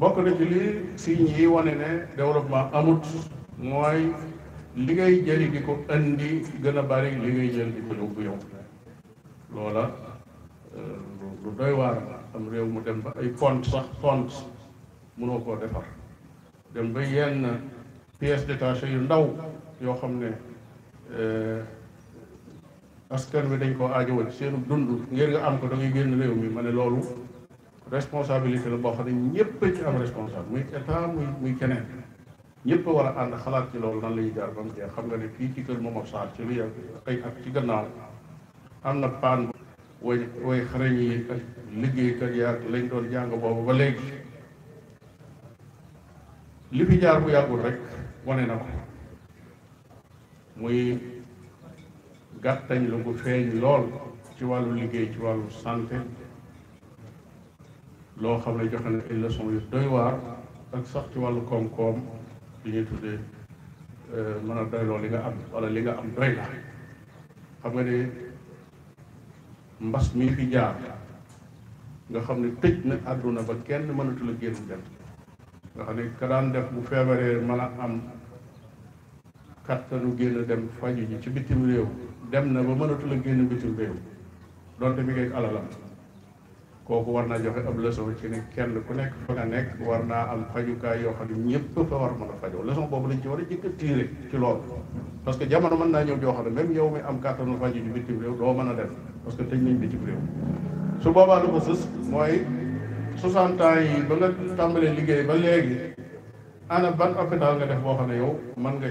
bokk na ci li signe yi wane ne développement amut mooy li ngay jëli di ko indi gën a bari li jël di ko yóbbu yow loola euh, lu doy waar am réew mu dem ba ay pont sax pont mënoo koo defar dem ba yenn pièces détachées yu ndaw yoo xam ne euh, askan wi dañ koo aajowal seenu dund ngir nga am ko da génn réew mi ma ne loolu responsabilité la boo xam ne ñëpp ci am responsable muy état muy muy keneen ñëpp war a ànd xalaat ci lool nan la ñuy jaar ba mu xam nga ne fii ci kër Momar Sarr ci lu yàgg ay ci gannaaw am ak jàng boobu ba léegi li fi jaar bu yàggul rek wane na ko muy gàttañ lu gu feeñ lool ci wàllu liggéey ci wàllu santé loo xam ne joxe na ay leçon yu doy waar ak sax ci wàllu koom-koom li ñuy tuddee euh, mën a doyloo li nga am wala li nga am doy xam nga ne mbas mii fi jaar nga xam ne tëj na àdduna ba kenn mënatul a génn dem nga xam ne ka def bu feebaree mën a am kattanu génn dem faju ji ci bitim réew dem na ba mënatu a génn bitim réew donte mi ngi alalam kooku war naa joxe ab leçon ci ne kenn ku nekk fa nga nekk war naa am fajukaay yoo xam ne ñëpp fa war mën a fajoo leçon boobu lañ ci war a jëkk tiire ci loolu parce que jamono mën naa ñëw joo xam ne même yow mi am kàttanu faju ji bitim réew doo mën a dem parce que tëj nañ bitim réew su boobaa lu ko sës mooy 60 ans yi ba nga tàmbalee liggéey ba léegi ana ban hôpital nga def boo xam ne yow man nga